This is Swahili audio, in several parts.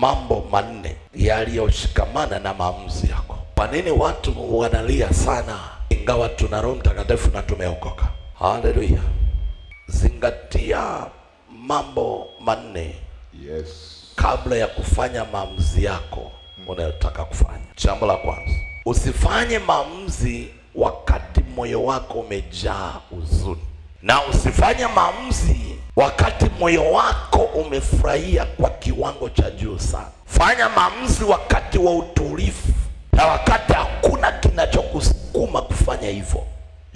mambo manne yaliyoshikamana na maamuzi yako. Kwa nini watu wanalia sana ingawa tuna Roho Mtakatifu na tumeokoka? Haleluya! Zingatia mambo manne yes, kabla ya kufanya maamuzi yako unayotaka kufanya. Jambo la kwanza, usifanye maamuzi wakati moyo wako umejaa huzuni, na usifanye maamuzi wakati moyo wako umefurahia kwa kiwango cha juu sana. Fanya maamuzi wakati wa utulivu na wakati hakuna kinachokusukuma kufanya hivyo.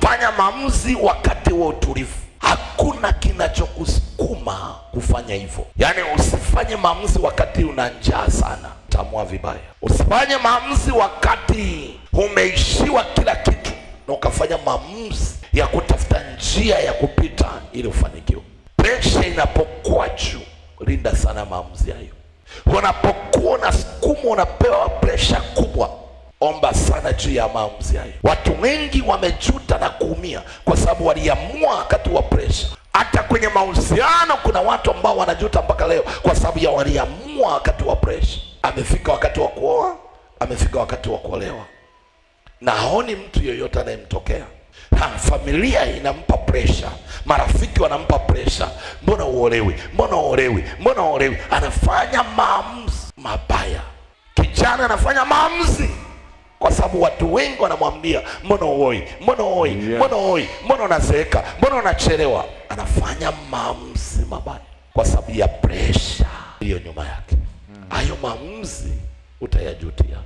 Fanya maamuzi wakati wa utulivu, hakuna kinachokusukuma kufanya hivyo. Yaani usifanye maamuzi wakati una njaa sana, tamua vibaya. Usifanye maamuzi wakati umeishiwa kila kitu, na ukafanya maamuzi ya kutafuta njia ya kupita ili ufanikiwe presha inapokuwa juu, linda sana maamuzi hayo. Unapokuwa unasukumwa, unapewa presha kubwa, omba sana juu ya maamuzi hayo. Watu wengi wamejuta na kuumia kwa sababu waliamua wakati wa presha. Hata kwenye mahusiano kuna watu ambao wanajuta mpaka leo kwa sababu ya waliamua wakati wa presha. Amefika wakati wa kuoa, amefika wakati wa kuolewa na haoni mtu yoyote anayemtokea. Ha, familia inampa presha, marafiki wanampa presha, mbona uolewi, mbona uolewi, mbona uolewi. Anafanya maamuzi mabaya, kijana anafanya maamuzi kwa sababu watu wengi wanamwambia mbona uoi, mbona uoi, mbona uoi, mbona unazeeka, mbona unachelewa. Anafanya maamuzi mabaya kwa sababu ya presha iliyo nyuma yake. Hmm. Hayo maamuzi utayajutia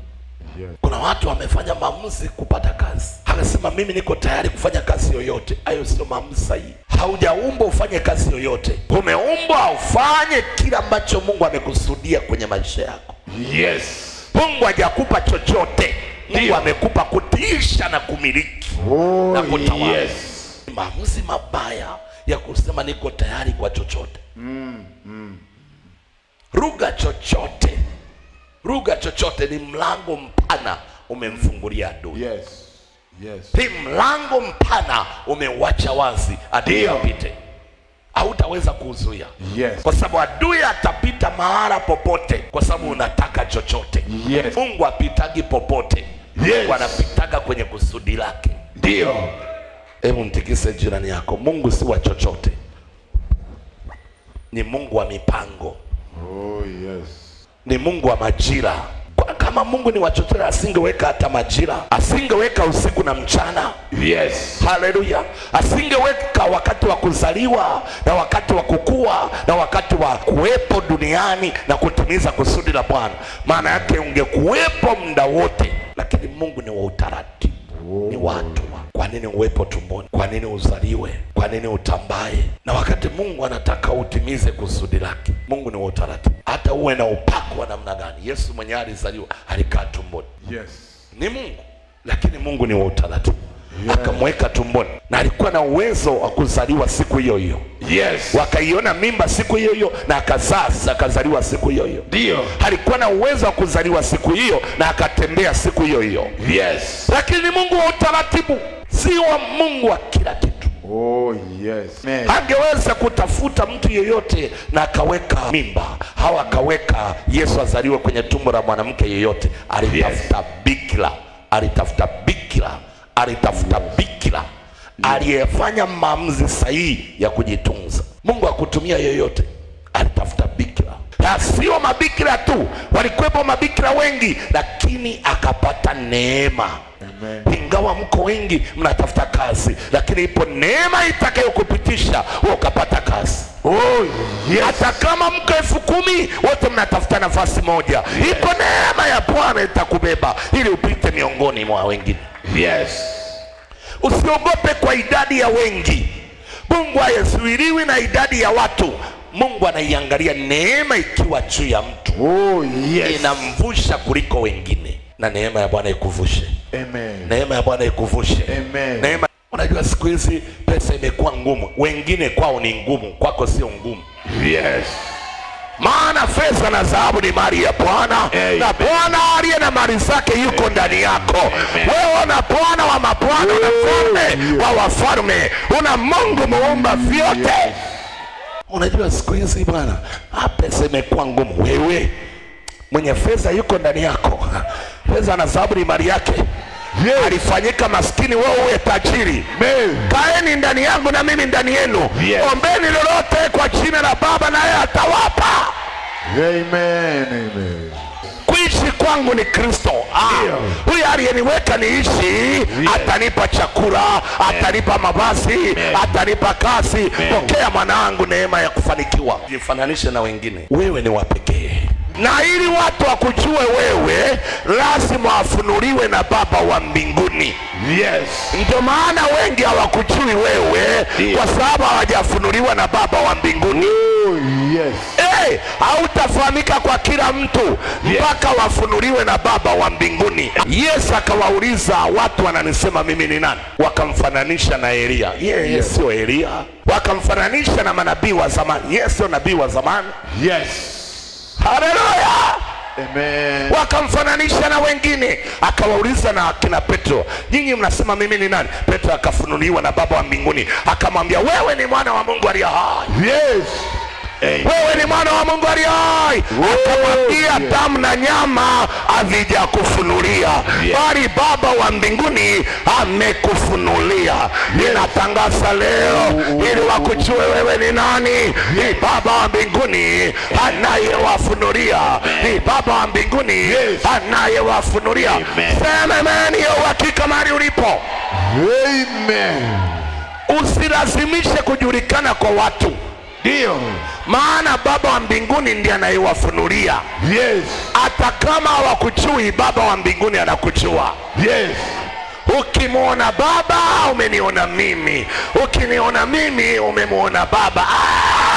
yes. Kuna watu wamefanya maamuzi kupata kazi, akasema mimi niko tayari kufanya kazi yoyote. Hayo sio maamuzi sahihi. Haujaumbwa ufanye kazi yoyote, umeumbwa ufanye kila ambacho Mungu amekusudia kwenye maisha yako. Yes, Mungu hajakupa chochote, Mungu amekupa kutiisha na kumiliki oh, na kutawala. Yes. Maamuzi mabaya ya kusema niko tayari kwa chochote mm, mm. Ruga chochote lugha chochote ni mlango mpana umemfungulia adui. Yes. Yes. Ni mlango mpana umewacha wazi adui apite, hautaweza kuzuia. Yes. Kwa sababu adui atapita mahala popote, kwa sababu unataka chochote. Yes. Mungu apitagi popote. Yes. Mungu anapitaga kwenye kusudi lake. Ndio. Hebu mtikise jirani yako, Mungu si wa chochote, ni Mungu wa mipango. Oh, yes ni Mungu wa majira. Kwa kama Mungu ni wachotera, asingeweka hata majira, asingeweka usiku na mchana. Yes, haleluya! Asingeweka wakati wa kuzaliwa na wakati wa kukua na wakati wa kuwepo duniani na kutimiza kusudi la Bwana, maana yake ungekuwepo muda wote, lakini Mungu ni wa utaratibu, ni watu wa kwa nini uwepo tumboni? Kwa nini uzaliwe? Kwa nini utambae? Na wakati Mungu anataka utimize kusudi lake, Mungu ni wa utaratibu. Hata uwe na upako wa namna gani, Yesu mwenyewe alizaliwa, alikaa tumboni. Yes, ni Mungu, lakini Mungu ni wa utaratibu. Yes. Akamweka tumboni na alikuwa na uwezo wa kuzaliwa siku hiyo hiyo. Yes. Wakaiona mimba siku hiyo hiyo na akazaa, akazaliwa siku hiyo hiyo. Ndio. Alikuwa na uwezo wa kuzaliwa siku hiyo na akatembea siku hiyo hiyo. Yes. Lakini ni Mungu wa utaratibu umejaziwa Mungu wa kila kitu. Oh, yes. Angeweza kutafuta mtu yeyote na akaweka mimba au akaweka Yesu azaliwe kwenye tumbo la mwanamke yeyote, alitafuta yes. Bikira alitafuta bikira alitafuta bikira aliyefanya maamuzi sahihi ya kujitunza. Mungu akutumia yeyote, alitafuta bikira, na sio mabikira tu, walikuwepo mabikira wengi, lakini akapata neema Amen ingawa mko wengi mnatafuta kazi, lakini ipo neema itakayokupitisha ukapata kazi. Oh, yes. Hata kama mko elfu kumi wote mnatafuta nafasi moja, ipo neema ya Bwana itakubeba ili upite miongoni mwa wengine. Yes. Usiogope kwa idadi ya wengi. Mungu hayazuiliwi na idadi ya watu. Mungu anaiangalia neema ikiwa juu ya mtu. Oh, yes. Inamvusha kuliko wengine, na neema ya Bwana ikuvushe. Amen. Neema ya Bwana ikuvushe. Amen. Neema Unajua siku hizi pesa imekuwa ngumu, wengine kwao ni ngumu, kwako sio ngumu. Yes, maana fedha na dhahabu ni mali ya Bwana, na Bwana aliye na mali zake yuko ndani yako. Wewe una Bwana wa mabwana, na mfalme wa wafalme, una Mungu muumba vyote. Unajua siku hizi bwana, ah, pesa imekuwa ngumu. Wewe mwenye fedha yuko ndani yako, fedha na dhahabu ni mali yake yes. Alifanyika maskini, wewe uwe tajiri. Kaeni ndani yangu na mimi ndani yenu yes. Ombeni lolote kwa jina la Baba naye atawapa. Amen, amen. Kuishi kwangu ni Kristo. Ah, huyu aliyeniweka niishi yeah. Atanipa chakula Atanipa mavazi Atanipa kazi Pokea mwanangu, neema ya kufanikiwa. Jifananishe na wengine, wewe ni wa pekee na ili watu wakujue wewe, lazima wafunuliwe na Baba wa mbinguni. Yes, ndio maana wengi hawakujui wewe yes, kwa sababu hawajafunuliwa na Baba wa mbinguni. Oh, yes. Hey, eh, hautafahamika kwa kila mtu mpaka yes, wafunuliwe na Baba wa mbinguni. Yesu akawauliza watu wananisema mimi ni nani? Wakamfananisha na Eliya. Yeye yes, sio Eliya. Wakamfananisha na manabii wa zamani. Yeye sio nabii wa zamani. Yes Haleluya. Amen. Wakamfananisha na wengine, akawauliza na akina Petro, nyinyi mnasema mimi ni nani? Petro akafunuliwa na Baba wa mbinguni akamwambia, wewe ni mwana wa Mungu aliye hai. Yes wewe ni mwana wa Mungu aliye hai. Akamwambia, damu na nyama havijakufunulia, bali Baba wa mbinguni amekufunulia. Ninatangaza leo, ili wakujue wewe ni nani. Ni Baba wa mbinguni anayewafunulia, ni Baba wa mbinguni anayewafunulia. Sema imani ya uhakika mahali ulipo. Amen. Usilazimishe kujulikana kwa watu. Ndiyo maana Baba wa mbinguni ndiye anayewafunulia. Yes. Hata kama hawakuchui, Baba wa mbinguni anakuchua. Yes. Ukimwona Baba umeniona mimi, ukiniona mimi umemwona Baba. ah!